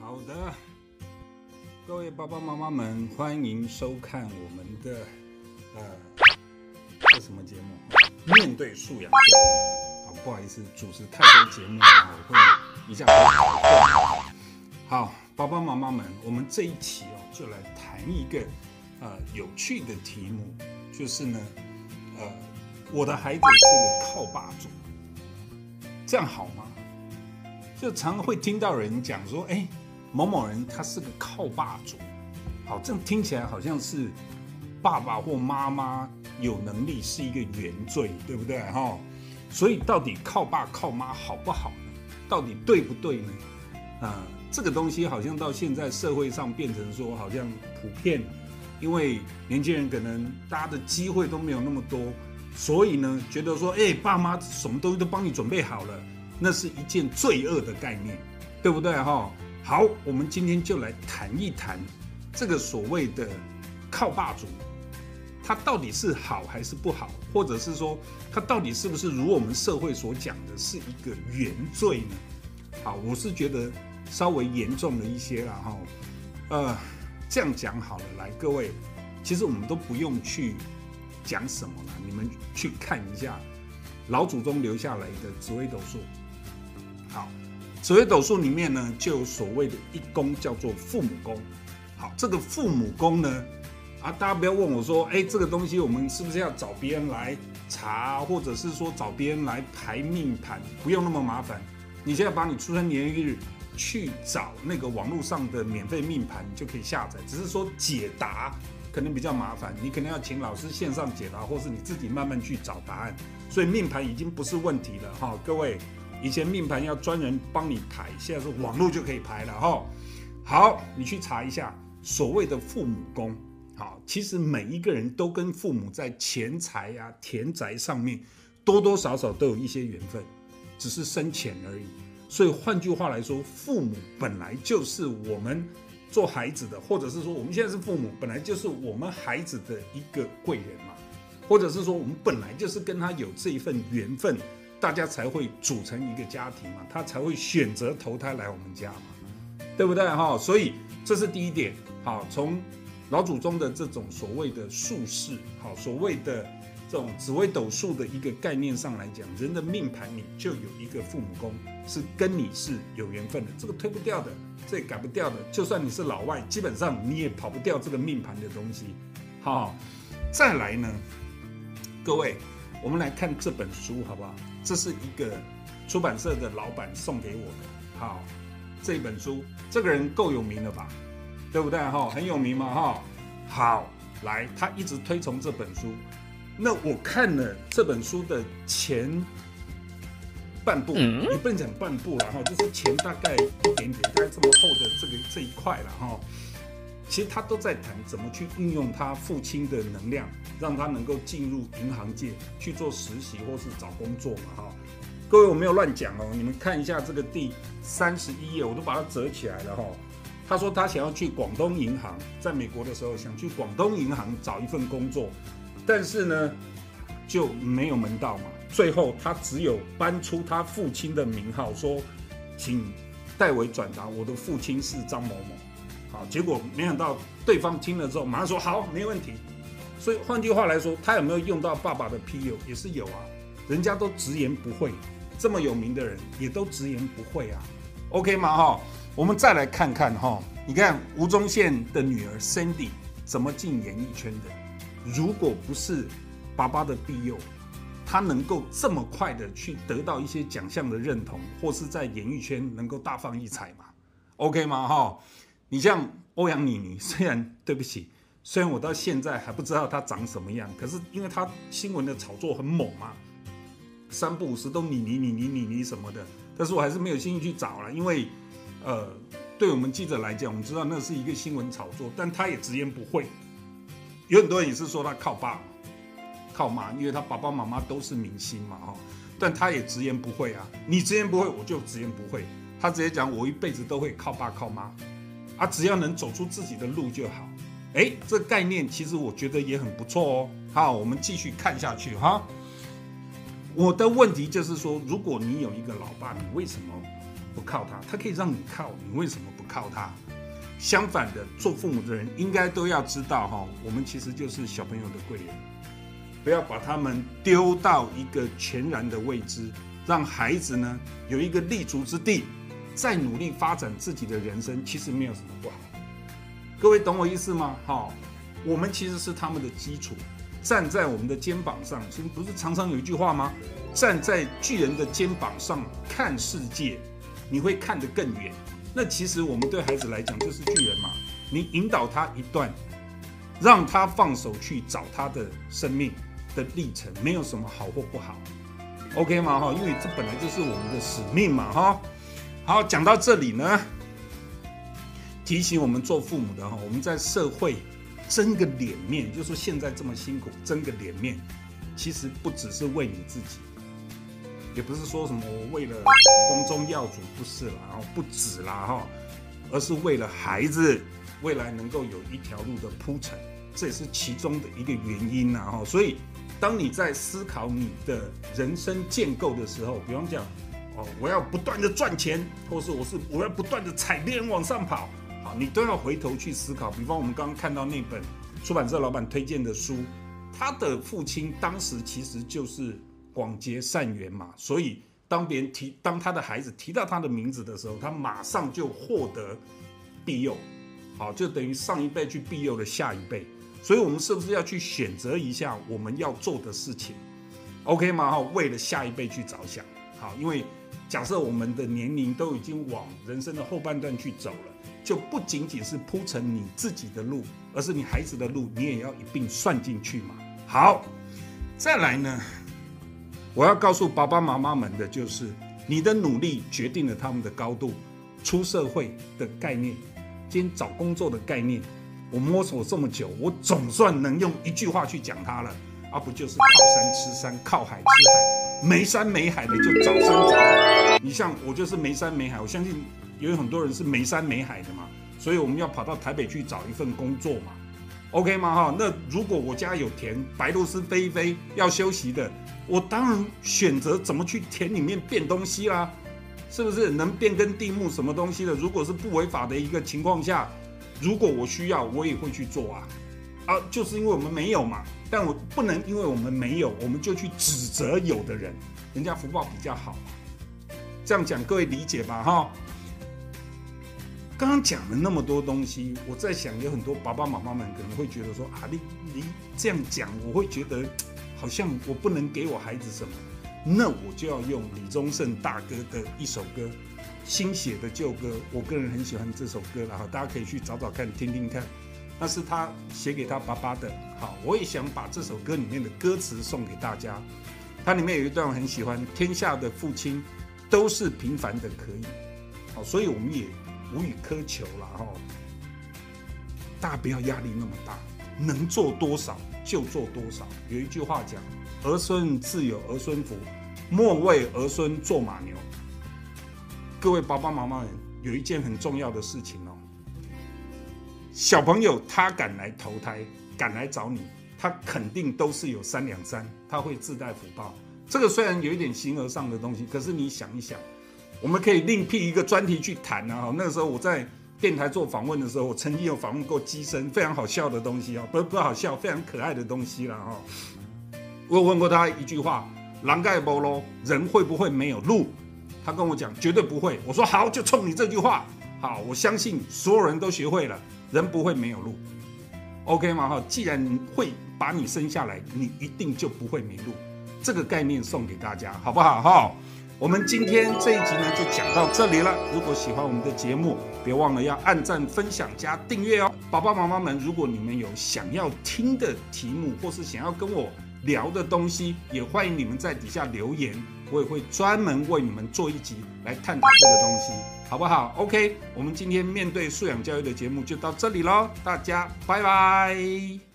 好的，各位爸爸媽媽們，歡迎收看我們的呃，是什麼節目？面對素養。啊，不好意思，主持太多節目了，啊啊，我會一下，啊。好，爸爸媽媽們，我們這一期啊。就來談一個，呃，有趣的題目，就是呢，呃，我的孩子是個靠爸族，這樣好嗎？就常會聽到人講說，誒，某某人他是個靠爸族，好，這樣聽起來好像是爸爸或媽媽有能力是一個原罪，對不對哈、哦？所以到底靠爸靠媽好不好呢？到底對不對呢？啊，這個東西好像到現在社會上變成說好像普遍，因為年輕人可能大家的機會都沒有那麼多，所以呢，覺得說，誒、哎，爸媽什麼東西都幫你準備好了，那是一件罪惡的概念，對不對哈、哦？好，我們今天就來談一談這個所謂的靠爸族，它到底是好還是不好，或者是說它到底是不是如我們社會所講的是一個原罪呢？好，我是覺得。稍微嚴重了一些，哈，呃，這樣講好了。來，各位，其實我們都不用去講什麼了，你們去看一下老祖宗留下來的紫微斗數。好，紫微斗數裡面呢，就有所謂的一宮叫做父母宮。好，這個父母宮呢，啊，大家不要問我說，哎，這個東西我們是不是要找別人來查，或者是說找別人來排命盤？不用那麼麻煩，你現在把你出生年月日，去找那個網絡上的免費命盤就可以下載，只是說解答可能比較麻煩，你可能要請老師線上解答，或是你自己慢慢去找答案。所以命盤已經不是問題了哈、哦，各位，以前命盤要專人幫你排，現在是網絡就可以排了哈、哦。好，你去查一下所謂的父母宮，好，其實每一個人都跟父母在錢財呀、啊、田宅上面多多少少都有一些緣分，只是深淺而已。所以換句話來說，父母本來就是我們做孩子的，或者是說我們現在是父母，本來就是我們孩子的一個貴人嘛，或者是說我們本來就是跟他有這一份緣分，大家才會組成一個家庭嘛，他才會選擇投胎來我們家嘛，對不對哈？哦，所以這是第一點。好，從老祖宗的這種所謂的術士，好，所謂的。這種紫微斗數的一個概念上來講，人的命盤裡就有一個父母宮是跟你是有緣分的，這個推不掉的，這也改不掉的，就算你是老外，基本上你也跑不掉這個命盤的東西。好，再來呢，各位，我們來看這本書好不好？這是一個出版社的老闆送給我的。好，這本書這個人夠有名了吧？對不對？哈，很有名嘛。哈，好，來，他一直推崇這本書。那我看了這本書的前半部，嗯、也不能講半部了哈，就是前大概一點點，大概這麼厚的這個這一塊了哈。其實他都在談怎麼去運用他父親的能量，讓他能夠進入銀行界去做實習或是找工作嘛哈。各位，我沒有亂講哦，你們看一下這個第三十一頁，我都把它折起來了哈、喔。他說他想要去廣東銀行，在美國的時候想去廣東銀行找一份工作。但是呢，就沒有門道嘛。最後他只有搬出他父親的名號，說，請代為轉達，我的父親是張某某。好，結果沒想到對方聽了之後，馬上說好，沒問題。所以換句話來說，他有沒有用到爸爸的 PU 也是有啊。人家都直言不諱，這麼有名的人也都直言不諱啊。OK 嗎？哈，我們再來看看哈，你看吳宗憲的女兒 Sandy 怎麼進演藝圈的。如果不是爸爸的庇佑，他能夠這麼快的去得到一些獎項的認同，或是在演藝圈能夠大放異彩嗎？OK 嗎？哈，你像歐陽妮妮，雖然對不起，雖然我到現在還不知道她長什麼樣，可是因為她新聞的炒作很猛嘛，三不五時都妮妮妮妮妮、妮、妮什麼的，但是我還是沒有興趣去找了，因為，呃，對我們記者來講，我們知道那是一個新聞炒作，但他也直言不諱。有很多人也是說他靠爸靠媽，因為他爸爸媽媽都是明星嘛哈、哦，但他也直言不諱啊，你直言不諱我就直言不諱，他直接講我一輩子都會靠爸靠媽，啊只要能走出自己的路就好，哎，這概念其實我覺得也很不錯哦。好，我們繼續看下去哈、啊。我的問題就是說，如果你有一個老爸，你為什麼不靠他？他可以讓你靠，你為什麼不靠他？相反的，做父母的人應該都要知道哈、哦，我們其實就是小朋友的貴人，不要把他們丟到一個全然的未知，讓孩子呢有一個立足之地，再努力發展自己的人生，其實沒有什麼不好。各位懂我意思嗎？哈、哦，我們其實是他們的基礎，站在我們的肩膀上。所以不是常常有一句話嗎？站在巨人的肩膀上看世界，你會看得更遠。那其實我們對孩子來講就是巨人嘛，你引導他一段，讓他放手去找他的生命的歷程，沒有什麼好或不好，OK 嗎？哈，因為這本來就是我們的使命嘛，哈。好，講到這裡呢，提醒我們做父母的哈，我們在社會爭個臉面，就說現在這麼辛苦，爭個臉面，其實不只是為你自己。也不是說什麼我為了光宗耀祖不是啦，然後不止啦哈，而是為了孩子未來能夠有一條路的鋪陳，這也是其中的一個原因啦。哈。所以，當你在思考你的人生建構的時候，比方講哦，我要不斷的賺錢，或是我是我要不斷的踩別人往上跑，好，你都要回頭去思考。比方我們剛剛看到那本出版社老闆推薦的書，他的父親當時其實就是。廣結善緣嘛，所以當別人提，當他的孩子提到他的名字的時候，他馬上就獲得庇佑，好，就等於上一輩去庇佑了下一輩，所以我們是不是要去選擇一下我們要做的事情？OK 嗎？好，為了下一輩去着想，好，因為假設我們的年齡都已經往人生的後半段去走了，就不僅僅是鋪成你自己的路，而是你孩子的路，你也要一併算進去嘛。好，再來呢？我要告訴爸爸媽媽們的，就是你的努力決定了他們的高度。出社會的概念，今天找工作的概念，我摸索這麼久，我總算能用一句話去講它了。而、啊、不就是靠山吃山，靠海吃海，沒山沒海的就找山找海。你像我就是沒山沒海，我相信有很多人是沒山沒海的嘛，所以我們要跑到台北去找一份工作嘛。OK 嗎？哈，那如果我家有田，白鷺鷥飛一飛要休息的，我當然選擇怎麼去田裡面變東西啦，是不是能變更地目什麼東西的？如果是不違法的一個情況下，如果我需要，我也會去做啊。啊，就是因為我們沒有嘛，但我不能因為我們沒有，我們就去指責有的人，人家福報比較好嘛、啊。這樣講，各位理解吧？哈。剛剛講了那麼多東西，我在想，有很多爸爸媽媽們可能會覺得說啊，你你這樣講，我會覺得好像我不能給我孩子什麼，那我就要用李宗盛大哥的一首歌，新寫的舊歌，我個人很喜歡這首歌啦，大家可以去找找看，聽聽看，那是他寫給他爸爸的，好，我也想把這首歌裡面的歌詞送給大家，它裡面有一段我很喜歡，天下的父親都是平凡的，可以，好，所以我們也。無以苛求了，大家不要壓力那麼大，能做多少就做多少。有一句話講：“兒孫自有兒孫福，莫為兒孫做馬牛。”各位爸爸媽媽們，有一件很重要的事情哦，小朋友他敢來投胎，敢來找你，他肯定都是有三兩三，他會自帶福報。這個雖然有一點形而上的東西，可是你想一想。我們可以另闢一個專題去談啊！那個時候我在電臺做訪問的時候，我曾經有訪問過機身，非常好笑的東西啊，不，不好笑，非常可愛的東西了哈、哦。我有問過他一句話：“蓋羅，人會不會沒有路？”他跟我講：“絕對不會。”我說：“好，就衝你這句話，好，我相信所有人都學會了，人不會沒有路。”OK 嗎？哈，既然會把你生下來，你一定就不會迷路。這個概念送給大家，好不好？哈、哦。我們今天這一集呢，就講到這裡了。如果喜歡我們的節目，別忘了要按讚、分享、加訂閱哦，爸爸媽媽們。如果你們有想要聽的題目，或是想要跟我聊的東西，也歡迎你們在底下留言，我也會專門為你們做一集來探討這個東西，好不好？OK，我們今天面對素養教育的節目就到這裡嘍，大家拜拜。